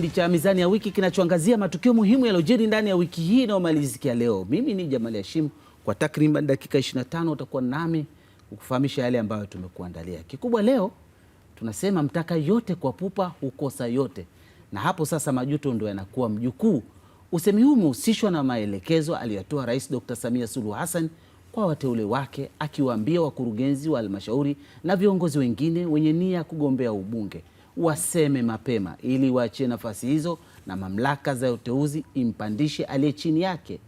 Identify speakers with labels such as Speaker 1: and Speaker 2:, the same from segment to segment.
Speaker 1: Kipindi cha Mizani ya Wiki kinachoangazia matukio muhimu yaliyojiri ndani ya wiki hii inayomalizikia leo. Mimi ni Jamali Hashim, kwa takriban dakika 25 utakuwa nami kukufahamisha yale ambayo tumekuandalia. Kikubwa leo tunasema mtaka yote kwa pupa hukosa yote, na hapo sasa majuto ndo yanakuwa mjukuu. Usemi huu umehusishwa na maelekezo aliyotoa Rais Dr. Samia Suluhu Hassan kwa wateule wake, akiwaambia wakurugenzi wa halmashauri na viongozi wengine wenye nia ya kugombea ubunge waseme mapema ili waachie nafasi hizo na mamlaka za uteuzi impandishe aliye chini yake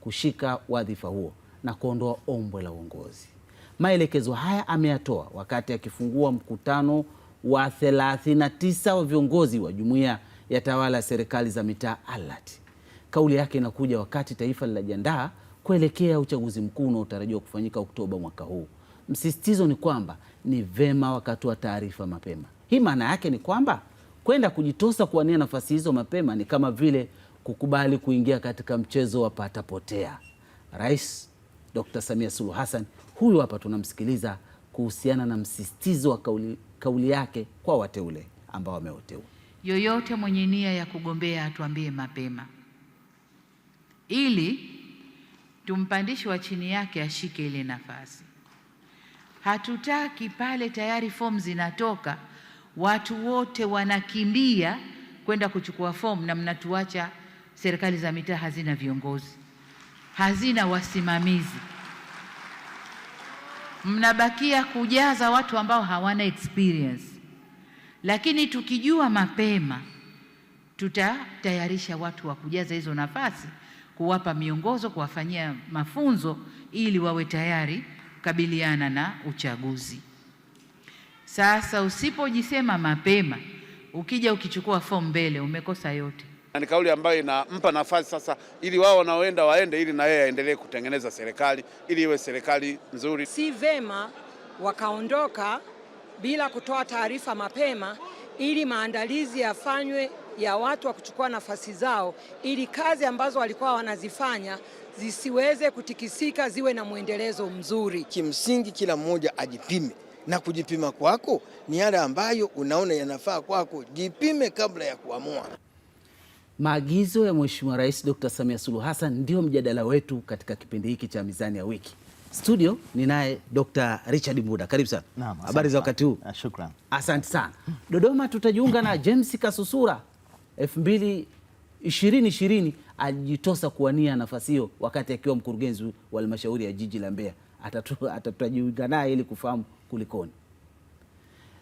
Speaker 1: kushika wadhifa huo na kuondoa ombwe la uongozi. Maelekezo haya ameyatoa wakati akifungua mkutano wa 39 wa viongozi wa Jumuiya ya Tawala Serikali za Mitaa ALAT. Kauli yake inakuja wakati taifa linajiandaa kuelekea uchaguzi mkuu unaotarajiwa kufanyika Oktoba mwaka huu. Msisitizo ni kwamba ni vema wakatoa taarifa mapema hii maana yake ni kwamba kwenda kujitosa kuwania nafasi hizo mapema ni kama vile kukubali kuingia katika mchezo wa patapotea. Rais Dr. Samia Suluhu Hassan huyu hapa tunamsikiliza kuhusiana na msisitizo wa kauli, kauli yake kwa wateule ambao wameoteua.
Speaker 2: Yoyote mwenye nia ya kugombea atuambie mapema ili tumpandishe wa chini yake ashike ile nafasi. Hatutaki pale tayari fomu zinatoka watu wote wanakimbia kwenda kuchukua fomu, na mnatuacha serikali za mitaa hazina viongozi, hazina wasimamizi, mnabakia kujaza watu ambao hawana experience. Lakini tukijua mapema, tutatayarisha watu wa kujaza hizo nafasi, kuwapa miongozo, kuwafanyia mafunzo ili wawe tayari kukabiliana na uchaguzi. Sasa usipojisema mapema, ukija ukichukua fomu mbele, umekosa yote.
Speaker 3: Ni kauli ambayo inampa nafasi sasa, ili wao wanaoenda waende, ili na yeye aendelee kutengeneza serikali, ili iwe serikali nzuri.
Speaker 4: Si vema wakaondoka bila kutoa taarifa mapema, ili maandalizi yafanywe ya watu wa kuchukua nafasi zao, ili kazi ambazo walikuwa wanazifanya zisiweze kutikisika, ziwe na mwendelezo mzuri.
Speaker 5: Kimsingi, kila mmoja ajipime na kujipima kwako ni yale ambayo unaona yanafaa kwako. Jipime kabla ya kuamua.
Speaker 1: Maagizo ya Mheshimiwa Rais Dr. Samia Suluhu Hassan ndio mjadala wetu katika kipindi hiki cha Mizani ya Wiki. Studio ni naye Dr. Richard Mbuda, karibu sana. Habari za wakati huu? Ah, shukran. Asante sana. Dodoma tutajiunga na James Kasusura 2220 alijitosa kuwania nafasi hiyo wakati akiwa mkurugenzi wa halmashauri ya jiji la Mbeya. Atatajiunga naye ili kufahamu kulikoni.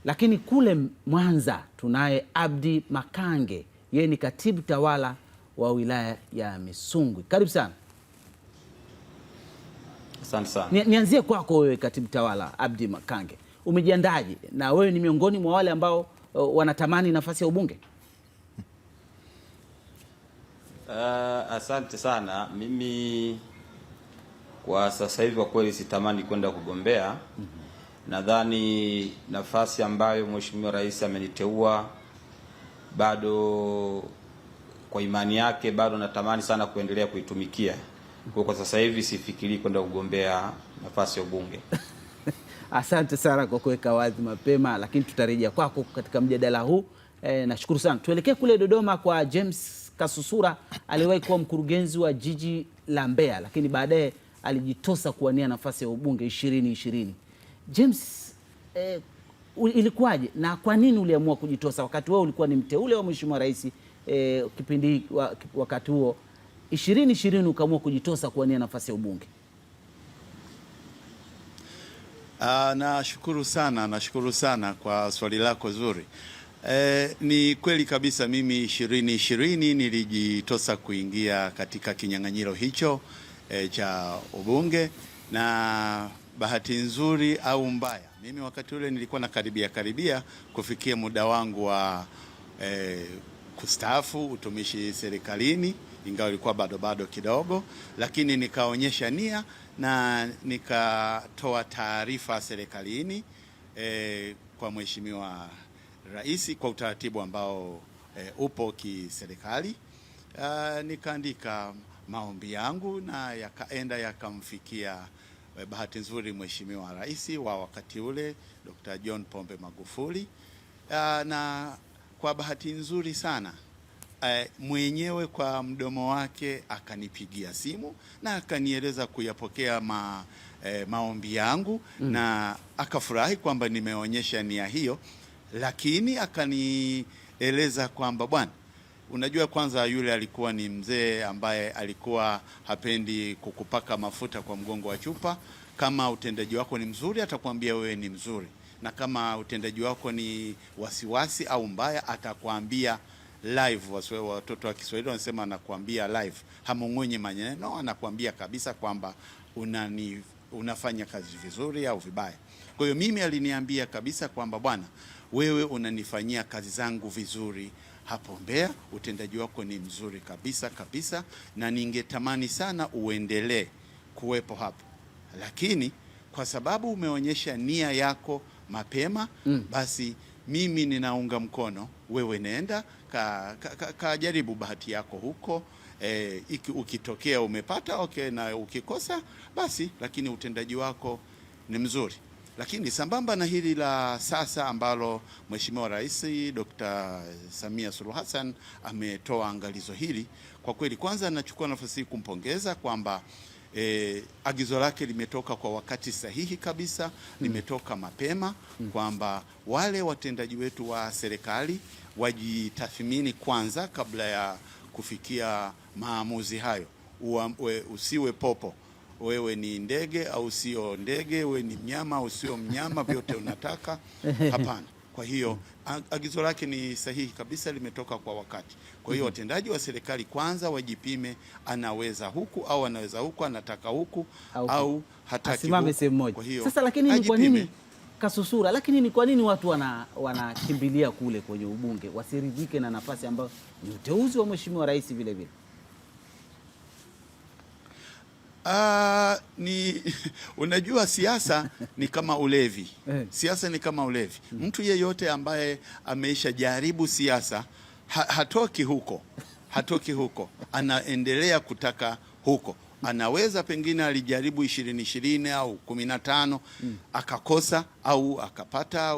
Speaker 1: Lakini kule Mwanza tunaye Abdi Makange, yeye ni katibu tawala wa wilaya ya Misungwi. Karibu sana. Asante sana. Ni, nianzie kwako wewe katibu tawala Abdi Makange, umejiandaje na wewe ni miongoni mwa wale ambao uh, wanatamani nafasi ya ubunge?
Speaker 6: Uh, asante sana. Mimi kwa sasa hivi kwa kweli sitamani kwenda kugombea. mm -hmm. Nadhani nafasi ambayo Mheshimiwa Rais ameniteua bado kwa imani yake bado natamani sana kuendelea kuitumikia. Kwa sasa hivi sifikiri kwenda kugombea nafasi ya ubunge.
Speaker 1: Asante sana kwa kuweka wazi mapema, lakini tutarejea kwako katika mjadala huu. E, nashukuru sana. Tuelekee kule Dodoma kwa James Kasusura, aliwahi kuwa mkurugenzi wa jiji la Mbeya, lakini baadaye alijitosa kuwania nafasi ya ubunge ishirini ishirini. James, eh, ilikuwaje na kwa nini uliamua kujitosa wakati wewe ulikuwa ni mteule wa mheshimiwa rais eh, kipindi wa, wakati huo ishirini ishirini ukaamua kujitosa kuwania nafasi ya ubunge?
Speaker 7: Ah, nashukuru sana, nashukuru sana kwa swali lako zuri. Eh, ni kweli kabisa mimi ishirini ishirini nilijitosa kuingia katika kinyang'anyiro hicho eh, cha ubunge na bahati nzuri au mbaya, mimi wakati ule nilikuwa na karibia karibia kufikia muda wangu wa eh, kustaafu utumishi serikalini, ingawa ilikuwa bado bado kidogo, lakini nikaonyesha nia na nikatoa taarifa serikalini eh, kwa mheshimiwa rais kwa utaratibu ambao eh, upo kiserikali. Uh, nikaandika maombi yangu na yakaenda yakamfikia Eh, bahati nzuri Mheshimiwa Rais wa wakati ule Dr. John Pombe Magufuli ah, na kwa bahati nzuri sana eh, mwenyewe kwa mdomo wake akanipigia simu na akanieleza kuyapokea ma, eh, maombi yangu mm. na akafurahi kwamba nimeonyesha nia hiyo, lakini akanieleza kwamba bwana Unajua, kwanza yule alikuwa ni mzee ambaye alikuwa hapendi kukupaka mafuta kwa mgongo wa chupa. Kama utendaji wako ni mzuri, atakwambia wewe ni mzuri, na kama utendaji wako ni wasiwasi au mbaya, atakwambia live. Watoto wa Kiswahili wanasema anakuambia live, hamung'unyi maneno, anakuambia kabisa kwamba unani unafanya kazi vizuri au vibaya. Kwa hiyo mimi aliniambia kabisa kwamba bwana, wewe unanifanyia kazi zangu vizuri hapo Mbeya. Utendaji wako ni mzuri kabisa kabisa, na ningetamani sana uendelee kuwepo hapo, lakini kwa sababu umeonyesha nia yako mapema mm. Basi mimi ninaunga mkono wewe, nenda kajaribu ka, ka, ka bahati yako huko e, iki, ukitokea umepata okay, na ukikosa basi, lakini utendaji wako ni mzuri. Lakini sambamba na hili la sasa ambalo Mheshimiwa Rais Dr. Samia Suluhu Hassan ametoa angalizo hili, kwa kweli, kwanza nachukua nafasi hii kumpongeza kwamba E, agizo lake limetoka kwa wakati sahihi kabisa, hmm. limetoka mapema hmm. kwamba wale watendaji wetu wa serikali wajitathmini kwanza kabla ya kufikia maamuzi hayo. we, usiwe popo wewe ni ndege au sio ndege, wewe ni mnyama au sio mnyama, vyote unataka? Hapana. Kwa hiyo agizo lake ni sahihi kabisa, limetoka kwa wakati. Kwa hiyo mhm. watendaji wa serikali kwanza wajipime, anaweza huku au anaweza huku, anataka huku au, au hataki, huku. sehemu moja.
Speaker 1: Kwa hiyo sasa, lakini ni kwa nini kasusura? Lakini ni kwa nini watu wanakimbilia kule kwenye ubunge, wasiridhike na nafasi ambayo ni uteuzi wa mheshimiwa rais vile vile?
Speaker 7: Aa, ah, ni unajua siasa ni kama ulevi. Eh. Siasa ni kama ulevi. Mtu yeyote ambaye ameisha jaribu siasa ha hatoki huko, hatoki huko, anaendelea kutaka huko. Anaweza pengine alijaribu ishirini ishirini au kumi na tano hmm. akakosa au akapata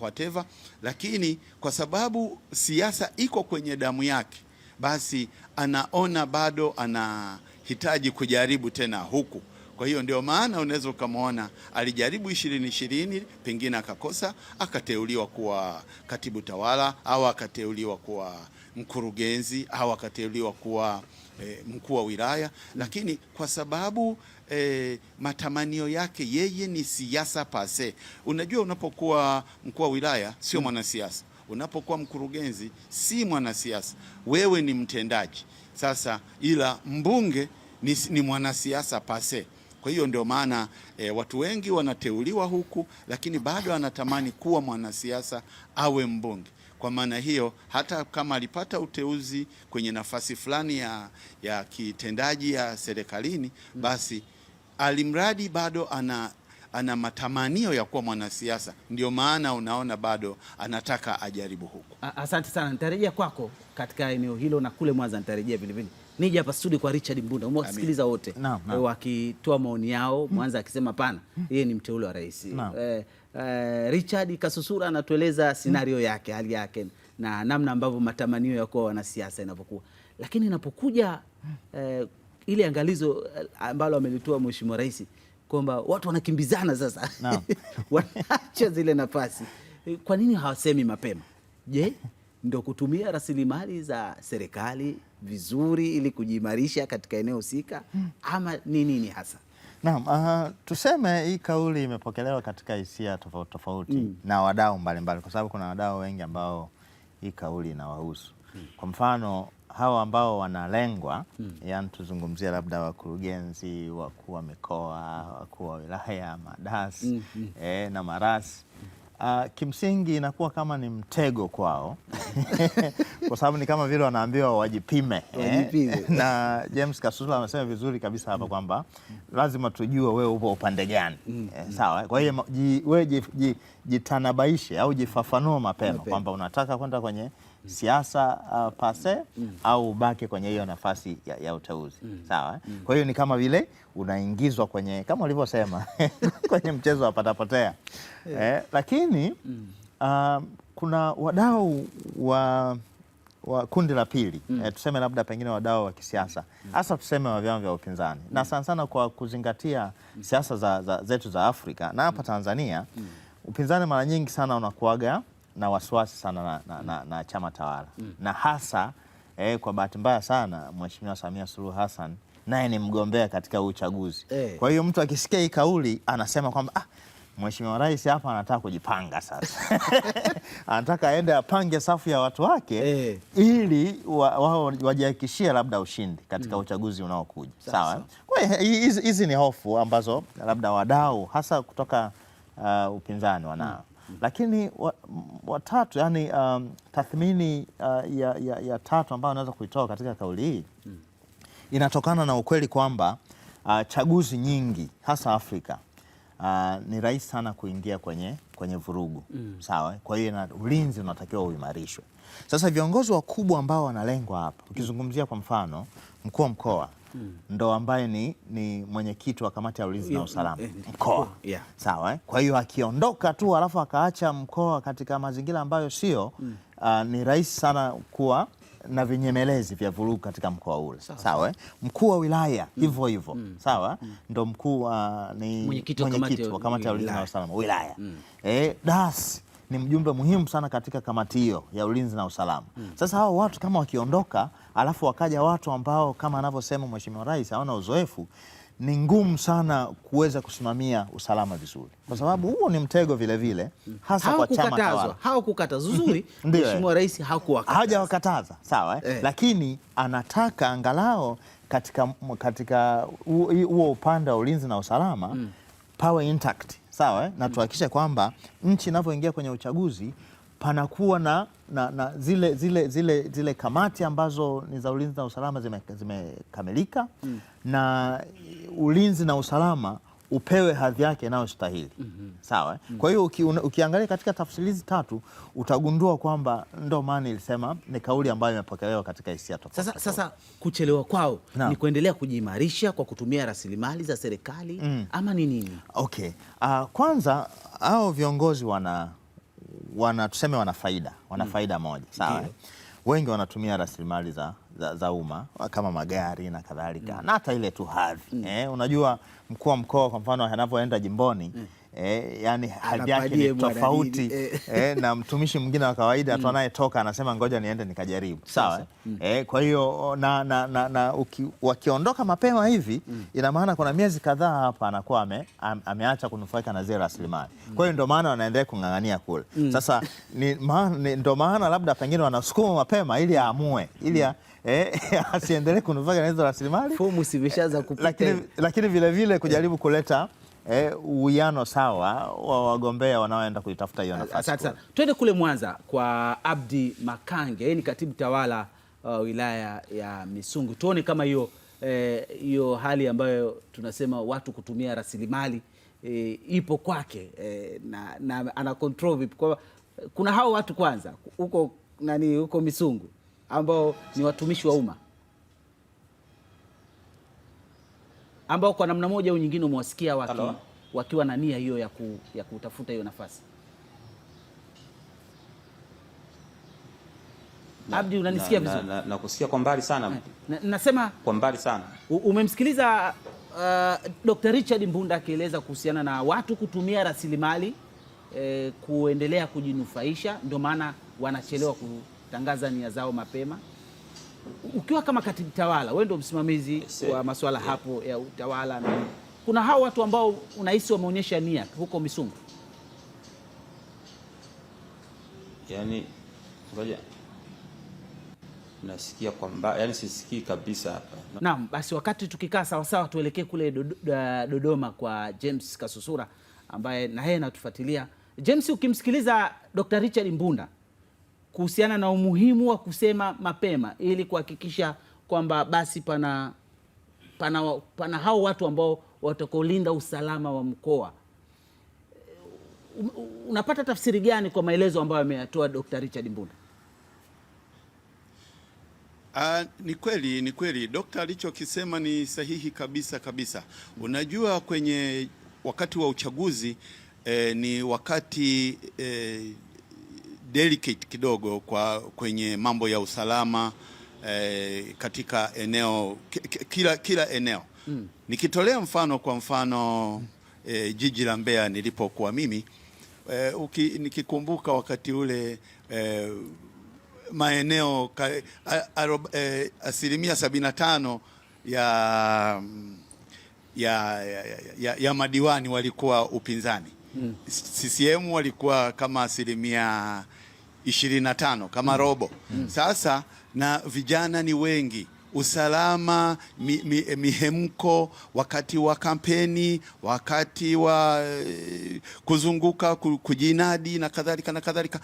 Speaker 7: whatever, lakini kwa sababu siasa iko kwenye damu yake, basi anaona bado ana hakitaji kujaribu tena huku. Kwa hiyo ndio maana unaweza ukamwona alijaribu ishirini ishirini, pengine akakosa, akateuliwa kuwa katibu tawala au akateuliwa kuwa mkurugenzi au akateuliwa kuwa e, mkuu wa wilaya, lakini kwa sababu e, matamanio yake yeye ni siasa pase. Unajua, unapokuwa mkuu wa wilaya sio hmm. mwanasiasa, unapokuwa mkurugenzi si mwanasiasa, wewe ni mtendaji sasa, ila mbunge ni, ni mwanasiasa pase. Kwa hiyo ndio maana e, watu wengi wanateuliwa huku, lakini bado anatamani kuwa mwanasiasa awe mbunge. Kwa maana hiyo hata kama alipata uteuzi kwenye nafasi fulani ya, ya kitendaji ya serikalini, mm. basi alimradi bado ana ana matamanio ya kuwa mwanasiasa, ndio maana unaona bado anataka ajaribu huku.
Speaker 1: Asante sana, nitarejea kwako katika eneo hilo na kule Mwanza nitarejea vile. Nije hapa studio kwa Richard Mbunda, umewasikiliza wote no, no. Eh, wakitoa maoni yao, Mwanza akisema hapana, hmm. yeye ni mteule wa rais
Speaker 8: no. eh,
Speaker 1: eh, Richard Kasusura anatueleza scenario yake, hali yake na namna ambavyo matamanio ya kuwa wanasiasa inapokuwa, lakini inapokuja eh, ile angalizo eh, ambalo amelitoa mheshimiwa rais kwamba watu wanakimbizana sasa no. wanaacha zile nafasi. Kwa nini hawasemi mapema? Je, ndo kutumia rasilimali za serikali vizuri ili kujiimarisha katika eneo husika ama ni nini hasa?
Speaker 9: Naam, uh, tuseme hii kauli imepokelewa katika hisia tofauti tofauti mm. na wadau mbalimbali, kwa sababu kuna wadau wengi ambao hii kauli inawahusu mm. kwa mfano hawa ambao wanalengwa mm. Yani tuzungumzia labda wakurugenzi, wakuu wa mikoa, wakuu wa wilaya, madas mm, mm. Eh, na maras Uh, ah, kimsingi inakuwa kama ni mtego kwao kwa sababu ni kama vile wanaambiwa wajipime,
Speaker 1: eh. wajipime. Eh,
Speaker 9: na James Kasula amesema vizuri kabisa hapa hmm. kwamba lazima tujue wewe upo upande gani hmm, hmm. eh, sawa. Kwa hiyo wewe jitanabaishe au jifafanue mapema kwamba unataka kwenda kwenye siasa uh, pase mm. au ubake kwenye hiyo nafasi ya, ya uteuzi mm. sawa eh? mm. Kwa hiyo ni kama vile unaingizwa kwenye kama ulivyosema kwenye mchezo wa patapotea yeah. eh, lakini mm. uh, kuna wadau wa wa kundi la pili mm. eh, tuseme labda pengine wadau wa kisiasa mm. hasa mm. tuseme wa vyama vya upinzani mm. na sana sana kwa kuzingatia mm. siasa za, za, zetu za Afrika na hapa mm. Tanzania mm. upinzani mara nyingi sana unakuaga na wasiwasi sana na, na, na, na chama tawala mm. na hasa eh, kwa bahati mbaya sana Mheshimiwa Samia Suluhu Hassan naye ni mgombea katika uchaguzi eh. Kwa hiyo mtu akisikia hii kauli anasema kwamba ah, Mheshimiwa Rais hapa anataka kujipanga sasa anataka aende apange safu ya watu wake eh, ili wao wajihakikishie wa, labda ushindi katika mm. uchaguzi unaokuja. Sawa, hizi ni hofu ambazo labda wadau hasa kutoka uh, upinzani wanao mm. Lakini watatu wa yani um, tathmini uh, ya, ya, ya tatu ambayo anaweza kuitoa katika kauli hii mm. inatokana na ukweli kwamba uh, chaguzi nyingi hasa Afrika uh, ni rahisi sana kuingia kwenye, kwenye vurugu mm. Sawa, kwa hiyo ulinzi unatakiwa uimarishwe. Sasa viongozi wakubwa ambao wanalengwa hapa, ukizungumzia kwa mfano mkuu wa mkoa mm. ndo ambaye ni, ni mwenyekiti wa kamati ya ulinzi na usalama mkoa yeah. Sawa eh? Kwa hiyo akiondoka tu alafu akaacha mkoa katika mazingira ambayo sio mm. uh, ni rahisi sana kuwa na vinyemelezi vya vurugu katika mkoa ule sawa, sawa eh? Mkuu wa wilaya hmm. hivyo mm. hivyo mm. sawa mm. ndo mkuu uh, ni mwenyekiti wa kamati ya ulinzi na usalama wilaya mm. eh, dasi ni mjumbe muhimu sana katika kamati hiyo ya ulinzi na usalama hmm. Sasa hao watu kama wakiondoka, alafu wakaja watu ambao kama anavyosema Mheshimiwa Rais hawana uzoefu ni ngumu sana kuweza kusimamia usalama vizuri, kwa sababu huo ni mtego vile vile, hasa kwa chama tawala.
Speaker 1: Hawakukataza uzuri, Mheshimiwa Rais hakuwakataza,
Speaker 9: hajawakataza sawa eh? eh, lakini anataka angalau katika katika huo upande wa ulinzi na usalama hmm. pawe intact sawa eh? na tuhakikishe kwamba nchi inavyoingia kwenye uchaguzi panakuwa na, na, na zile, zile, zile, zile kamati ambazo ni za ulinzi na usalama zimekamilika zime mm. na ulinzi na usalama upewe hadhi yake inayostahili mm -hmm. Sawa mm -hmm. Kwa hiyo uki, ukiangalia katika tafsiri hizi tatu utagundua kwamba ndo maana ilisema ni kauli ambayo imepokelewa katika hisia tofauti.
Speaker 1: Sasa, sasa kuchelewa kwao na, ni kuendelea kujiimarisha kwa kutumia rasilimali za serikali mm. ama ni nini?
Speaker 9: Okay. Uh, kwanza hao viongozi wana wana tuseme wana faida wana mm. faida moja sawa okay. Eh? Wengi wanatumia rasilimali za, za, za umma kama magari na kadhalika mm. na hata ile tu hadhi mm. eh, unajua mkuu wa mkoa kwa mfano anavyoenda jimboni mm. eh, yani hali yake ni tofauti eh. eh, na mtumishi mwingine wa kawaida tu mm. anayetoka anasema ngoja niende nikajaribu. Sawa eh? mm. Eh, kwa hiyo na, na, na, na uki, wakiondoka mapema hivi mm. ina maana kuna miezi kadhaa hapa anakuwa ame, ameacha kunufaika na zile rasilimali mm. Kwa hiyo ndio maana wanaendelea kung'ang'ania kule mm. Sasa ni, ma, ni, ndio maana labda pengine wanasukuma mapema ili aamue ili mm eh, asiendelee kunufaika na hizo rasilimali
Speaker 1: fomu zimeshaanza kupita,
Speaker 9: lakini, lakini vilevile kujaribu eh. kuleta eh, uwiano sawa wa wagombea wanaoenda kuitafuta hiyo nafasi.
Speaker 1: sana, twende kule Mwanza kwa Abdi Makange, yeye ni katibu tawala uh, wilaya ya Misungu, tuone kama hiyo eh, hiyo eh, hali ambayo tunasema watu kutumia rasilimali eh, ipo kwake eh, na, na ana control vipi? Kwa kuna hao watu kwanza huko nani huko Misungu ambao ni watumishi wa umma ambao kwa namna moja au nyingine umewasikia waki, wakiwa na nia hiyo ya, ku, ya kutafuta hiyo nafasi. Na, Abdi unanisikia vizuri?
Speaker 9: Na, na, na kusikia kwa mbali sana. Na,
Speaker 1: na, nasema
Speaker 9: kwa mbali sana.
Speaker 1: Umemsikiliza uh, Dr. Richard Mbunda akieleza kuhusiana na watu kutumia rasilimali eh, kuendelea kujinufaisha ndio maana wanachelewa ku, tangaza nia zao mapema. Ukiwa kama katibu tawala, wewe ndio msimamizi wa masuala hapo ya utawala na kuna hao watu ambao unahisi wameonyesha nia huko Misungwi.
Speaker 6: Yani ngoja nasikia kwamba yani sisikii kabisa hapa.
Speaker 1: Naam, basi wakati tukikaa sawasawa, tuelekee kule Dodoma kwa James Kasusura ambaye na yeye anatufuatilia. James, ukimsikiliza Dr. Richard Mbunda kuhusiana na umuhimu wa kusema mapema ili kuhakikisha kwamba basi pana, pana, pana hao watu ambao watakaolinda usalama wa mkoa. Unapata tafsiri gani kwa maelezo ambayo ameyatoa Dr. Richard Mbunda?
Speaker 7: Uh, ah, ni kweli ni kweli Dokta alichokisema ni sahihi kabisa kabisa. Unajua, kwenye wakati wa uchaguzi eh, ni wakati eh, delicate kidogo kwa kwenye mambo ya usalama eh, katika eneo kila, kila eneo mm. Nikitolea mfano kwa mfano eh, jiji la Mbeya nilipokuwa mimi eh, uki, nikikumbuka wakati ule eh, maeneo ka, a, a, eh, asilimia 75 ya ya, ya, ya, ya madiwani walikuwa upinzani mm. CCM walikuwa kama asilimia tano kama robo mm. Sasa na vijana ni wengi, usalama mi, mi, mihemko wakati wa kampeni, wakati wa eh, kuzunguka kujinadi na kadhalika na kadhalika.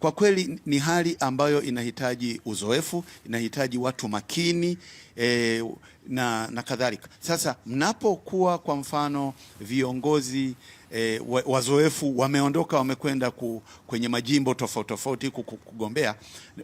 Speaker 7: Kwa kweli ni hali ambayo inahitaji uzoefu, inahitaji watu makini e, na, na kadhalika. Sasa mnapokuwa kwa mfano viongozi e, wazoefu wameondoka wamekwenda ku, kwenye majimbo tofauti tofauti kugombea,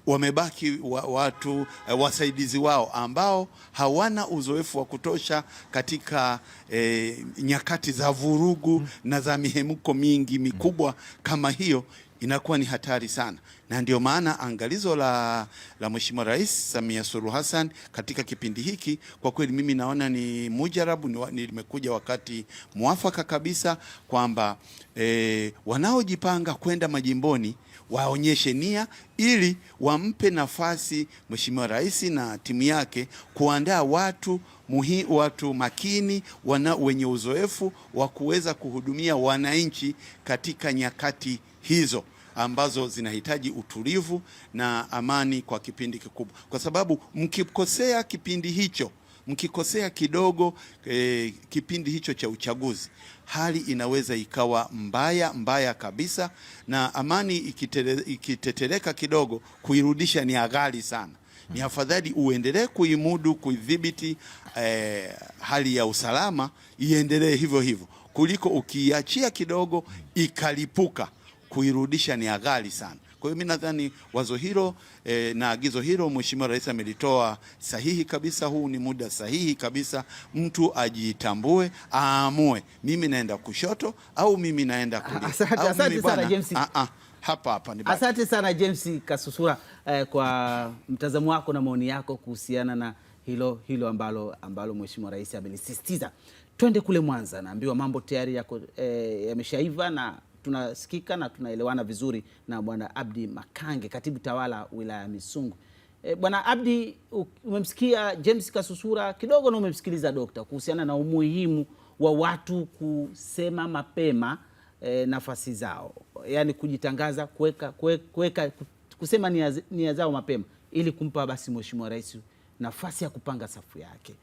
Speaker 7: wamebaki wa, watu e, wasaidizi wao ambao hawana uzoefu wa kutosha katika e, nyakati za vurugu mm. na za mihemko mingi mikubwa kama hiyo inakuwa ni hatari sana, na ndio maana angalizo la, la Mheshimiwa Rais Samia Suluhu Hassan katika kipindi hiki kwa kweli mimi naona ni mujarabu, limekuja wakati mwafaka kabisa kwamba e, wanaojipanga kwenda majimboni waonyeshe nia ili wampe nafasi Mheshimiwa Rais na timu yake kuandaa watu muhi, watu makini wana, wenye uzoefu wa kuweza kuhudumia wananchi katika nyakati hizo ambazo zinahitaji utulivu na amani kwa kipindi kikubwa, kwa sababu mkikosea kipindi hicho mkikosea kidogo e, kipindi hicho cha uchaguzi, hali inaweza ikawa mbaya mbaya kabisa, na amani ikitele, ikitetereka kidogo, kuirudisha ni ghali sana. Ni afadhali uendelee kuimudu kuidhibiti, e, hali ya usalama iendelee hivyo hivyo kuliko ukiiachia kidogo ikalipuka kuirudisha ni ghali sana. Kwa hiyo mimi nadhani wazo hilo e, na agizo hilo Mheshimiwa Rais amelitoa sahihi kabisa. Huu ni muda sahihi kabisa, mtu ajitambue, aamue, mimi naenda kushoto au mimi naenda ah, kulia. Asante, asante sana James.
Speaker 1: A ah, -a. Ah, hapa, hapa, ni asante sana James Kasusura eh, kwa mtazamo wako na maoni yako kuhusiana na hilo hilo ambalo, ambalo Mheshimiwa Rais amelisisitiza. Twende kule Mwanza, naambiwa mambo tayari yako eh, yameshaiva na tunasikika na tunaelewana vizuri na Bwana Abdi Makange, katibu tawala wilaya ya Misungu. E, Bwana Abdi, umemsikia James Kasusura kidogo na umemsikiliza dokta kuhusiana na umuhimu wa watu kusema mapema e, nafasi zao, yaani kujitangaza, kuweka kuweka kusema nia, nia zao mapema ili kumpa basi mheshimiwa rais nafasi ya kupanga safu yake.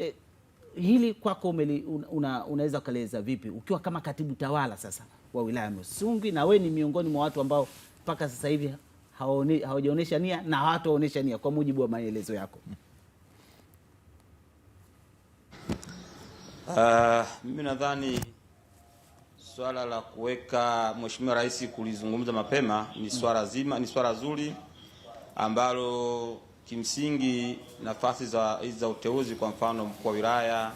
Speaker 1: E, hili kwako una, unaweza ukaeleza vipi ukiwa kama katibu tawala sasa wa wilaya ya Misungwi, na we ni miongoni mwa watu ambao mpaka sasa hivi hawajaonesha nia na hawatoonyesha nia kwa mujibu wa maelezo yako.
Speaker 6: Uh, mimi nadhani swala la kuweka Mheshimiwa Rais kulizungumza mapema ni swala zima, ni swala zuri ambalo kimsingi nafasi za hizi za uteuzi, kwa mfano mkuu wa wilaya,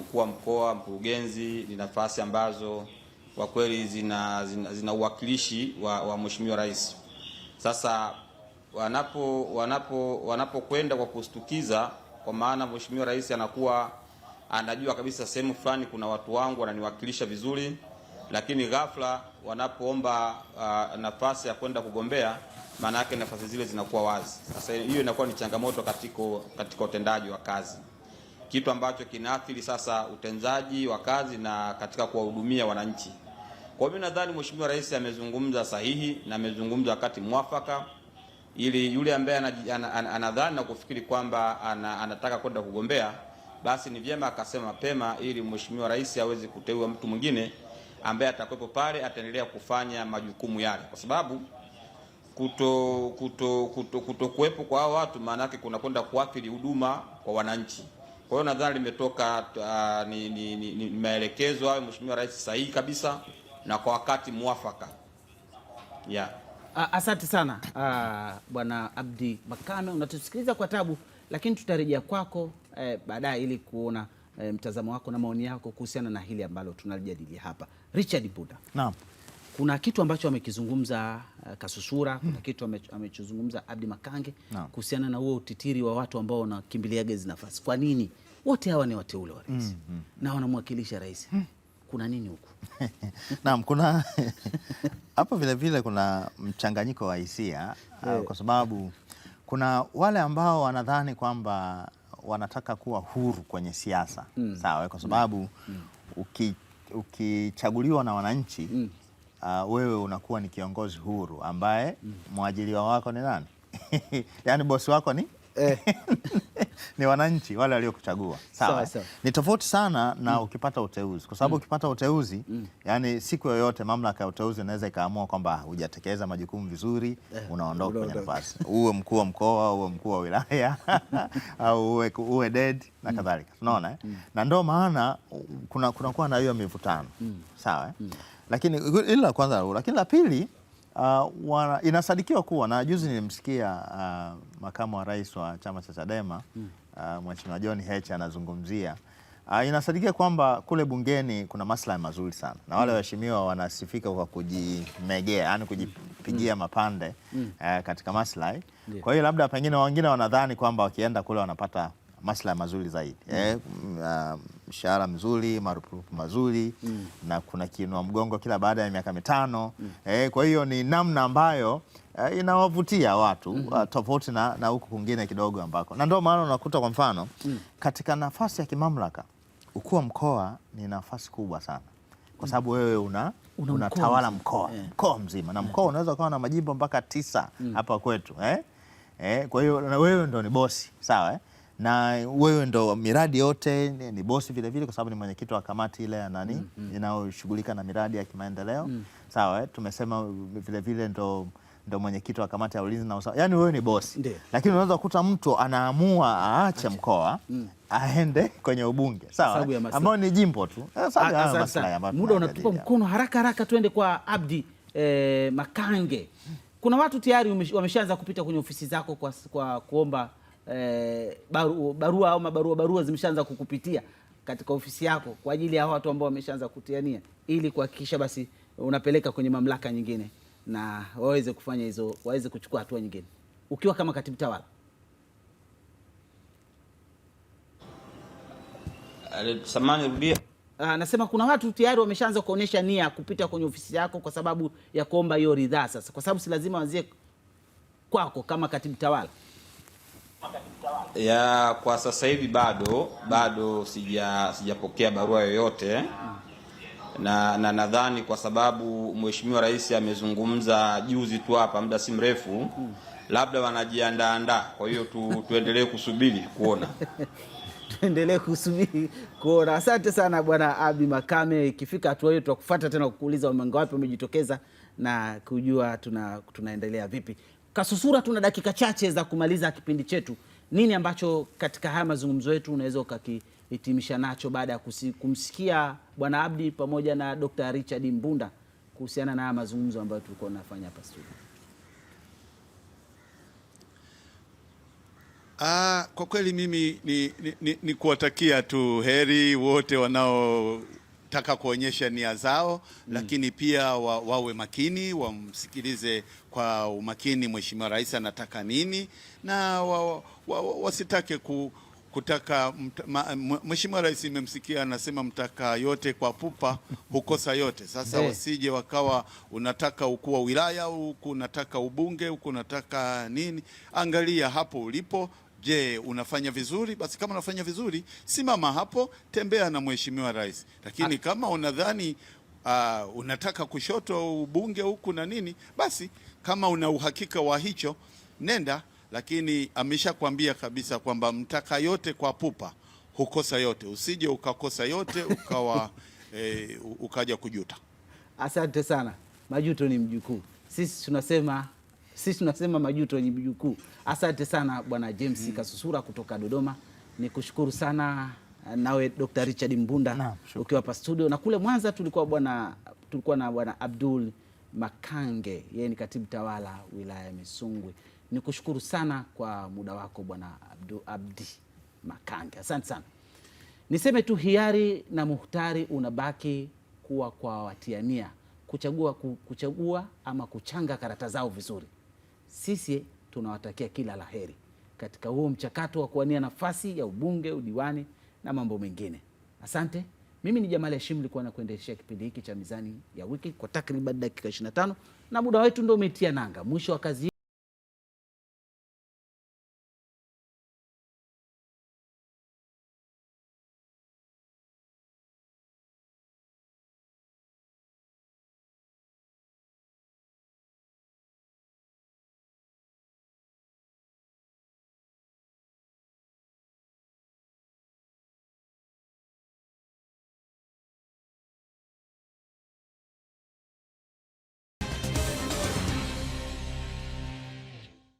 Speaker 6: mkuu wa mkoa, mkurugenzi, ni nafasi ambazo kwa kweli zina, zina, zina uwakilishi wa, wa Mheshimiwa Rais. Sasa wanapo wanapo wanapokwenda kwa kustukiza, kwa maana Mheshimiwa Rais anakuwa anajua kabisa sehemu fulani kuna watu wangu wananiwakilisha vizuri, lakini ghafla wanapoomba uh, nafasi ya kwenda kugombea, maana yake nafasi zile zinakuwa wazi. Sasa hiyo inakuwa ni changamoto katika katika utendaji wa kazi kitu ambacho kinaathiri sasa utenzaji wa kazi na katika kuwahudumia wananchi. Kwa hiyo nadhani Mheshimiwa Rais amezungumza sahihi na amezungumza wakati mwafaka, ili yule ambaye anadhani na kufikiri kwamba anataka kwenda kugombea, basi ni vyema akasema mapema, ili Mheshimiwa Rais aweze kuteua mtu mwingine ambaye atakwepo pale, ataendelea kufanya majukumu yale, kwa sababu kuto kuto kuto kuwepo kwa hao watu maana yake kunakwenda kuathiri huduma kwa wananchi. Kwa hiyo nadhani limetoka uh, ni, ni, ni, ni maelekezo hayo Mheshimiwa Rais sahihi kabisa na kwa wakati mwafaka
Speaker 1: yeah. Asante sana uh, Bwana Abdi Makame, unatusikiliza kwa tabu, lakini tutarejea kwako eh, baadaye ili kuona eh, mtazamo wako na maoni yako kuhusiana na hili ambalo tunalijadili hapa. Richard Buda. Naam kuna kitu ambacho amekizungumza uh, Kasusura hmm. Kuna kitu amechozungumza Abdi Makange no. kuhusiana na huo utitiri wa watu ambao wanakimbilia gezi nafasi. Kwa nini wote hawa ni wateule wa rais hmm. hmm. na wanamwakilisha rais hmm. kuna nini huku?
Speaker 9: Naam, kuna hapa vilevile kuna mchanganyiko wa hisia yeah. Eh. kwa sababu kuna wale ambao wanadhani kwamba wanataka kuwa huru kwenye siasa mm. Sawa, kwa hmm. sababu mm. ukichaguliwa na wananchi mm uh, wewe unakuwa ni kiongozi huru ambaye mm. mwajiliwa wako ni nani? yaani bosi wako ni eh. ni wananchi wale waliokuchagua. Sawa, ni tofauti sana na mm. ukipata uteuzi kwa sababu mm. ukipata uteuzi mm. yani, siku yoyote mamlaka ya uteuzi inaweza ikaamua kwamba hujatekeleza majukumu vizuri eh, unaondoka kwenye nafasi, uwe mkuu wa mkoa, uwe mkuu wa wilaya au uwe, uwe dead na mm. kadhalika, unaona eh? mm. na ndio maana kuna kunakuwa na hiyo mivutano mm. sawa eh? mm. Lakini ili la kwanza, lakini la pili uh, wana, inasadikiwa kuwa na juzi nilimsikia uh, makamu wa rais wa chama cha Chadema hmm. uh, Mheshimiwa John Heche anazungumzia Uh, inasadikia kwamba kule bungeni kuna maslahi mazuri sana na wale hmm. waheshimiwa wanasifika kwa kujimegea, yani kujipigia hmm. mapande uh, katika maslahi Kwa hiyo labda pengine wengine wanadhani kwamba wakienda kule wanapata maslahi mazuri zaidi eh, mm. eh, uh, mshahara mzuri, marupurupu mazuri mm. na kuna kiinua mgongo kila baada ya miaka mitano mm. eh, kwa hiyo ni namna ambayo eh, inawavutia watu mm -hmm. tofauti na, na huku kwingine kidogo ambako, na ndio maana unakuta kwa mfano mm. katika nafasi ya kimamlaka ukuu wa mkoa ni nafasi kubwa sana kwa sababu mm. wewe una unatawala mkoa eh. mkoa mzima na eh. mkoa unaweza ukawa na majimbo mpaka tisa mm. hapa kwetu eh? Eh, kwa hiyo na wewe ndo ni bosi sawa eh? na wewe ndo miradi yote ni, ni bosi vile vile, kwa sababu ni mwenyekiti wa kamati ile ya nani mm -hmm. inayoshughulika na miradi ya kimaendeleo mm. Sawa, eh, tumesema vile vile ndo ndo mwenyekiti wa kamati ya ulinzi na usalama, yani wewe ni bosi Nde. Lakini unaweza kukuta mtu anaamua aache mkoa mm. aende kwenye ubunge sawa, ambao ni jimbo tu. Eh,
Speaker 1: muda unatupa mkono haraka haraka, tuende kwa Abdi eh, Makange. Kuna watu tayari wameshaanza kupita kwenye ofisi zako kwa, kwa kuomba eh, barua, au mabarua barua zimeshaanza kukupitia katika ofisi yako kwa ajili ya watu ambao wameshaanza kutiania ili kuhakikisha basi unapeleka kwenye mamlaka nyingine na waweze kufanya hizo, waweze kuchukua hatua nyingine ukiwa kama katibu tawala.
Speaker 6: Samahani, rudia.
Speaker 1: Ah, nasema kuna watu tayari wameshaanza kuonyesha nia kupita kwenye ofisi yako kwa sababu ya kuomba hiyo ridhaa. Sasa kwa sababu si lazima wazie kwako kama katibu tawala
Speaker 6: ya kwa sasa hivi bado bado sija sijapokea barua yoyote, na na nadhani kwa sababu Mheshimiwa Rais amezungumza juzi tu hapa muda si mrefu, labda wanajiandaandaa. Kwa hiyo tu, tuendelee kusubiri kuona
Speaker 1: tuendelee kusubiri kuona. Asante sana Bwana Abi Makame, ikifika hatua hiyo tutakufuata tena kukuuliza wamanga wapi wamejitokeza na kujua tuna, tunaendelea vipi kasusura tuna dakika chache za kumaliza kipindi chetu, nini ambacho katika haya mazungumzo yetu unaweza ukakihitimisha nacho baada ya kumsikia Bwana Abdi pamoja na Dr. Richard Mbunda kuhusiana na haya mazungumzo ambayo tulikuwa tunafanya hapa studio?
Speaker 7: Ah, kwa kweli mimi ni, ni, ni, ni kuwatakia tu heri wote wanao taka kuonyesha nia zao mm. Lakini pia wa, wawe makini wamsikilize kwa umakini Mheshimiwa Rais anataka nini, na wasitake wa, wa, ku, kutaka Mheshimiwa Rais imemsikia anasema mtaka yote kwa pupa hukosa yote. Sasa eh. wasije wakawa unataka ukuu wa wilaya huku unataka ubunge huku unataka nini. Angalia hapo ulipo Je, unafanya vizuri? Basi kama unafanya vizuri, simama hapo, tembea na mheshimiwa rais. Lakini ah. kama unadhani uh, unataka kushoto ubunge huku na nini, basi kama una uhakika wa hicho nenda, lakini ameshakwambia kabisa kwamba mtaka yote kwa pupa hukosa yote, usije ukakosa yote ukawa e, ukaja kujuta.
Speaker 1: Asante sana. Majuto ni mjukuu, sisi tunasema sisi tunasema majuto ni mjukuu. Asante sana bwana James mm. Mm-hmm. Kasusura kutoka Dodoma, ni kushukuru sana eh, nawe Dr. Richard Mbunda na, ukiwa hapa studio na kule Mwanza tulikuwa bwana tulikuwa na bwana Abdul Makange, yeye ni katibu tawala wilaya ya Misungwi. kushukuru sana kwa muda wako bwana Abdu, Abdi Makange, asante sana. Niseme tu hiari na muhtari unabaki kuwa kwa watiania kuchagua, kuchagua ama kuchanga karata zao vizuri sisi tunawatakia kila la heri katika huo mchakato wa kuwania nafasi ya ubunge, udiwani na mambo mengine. Asante. Mimi ni Jamali Hashim, nilikuwa nakuendeshea kipindi hiki cha Mizani ya Wiki kwa takriban dakika 25 na muda wetu ndio umetia nanga. Mwisho wa kazi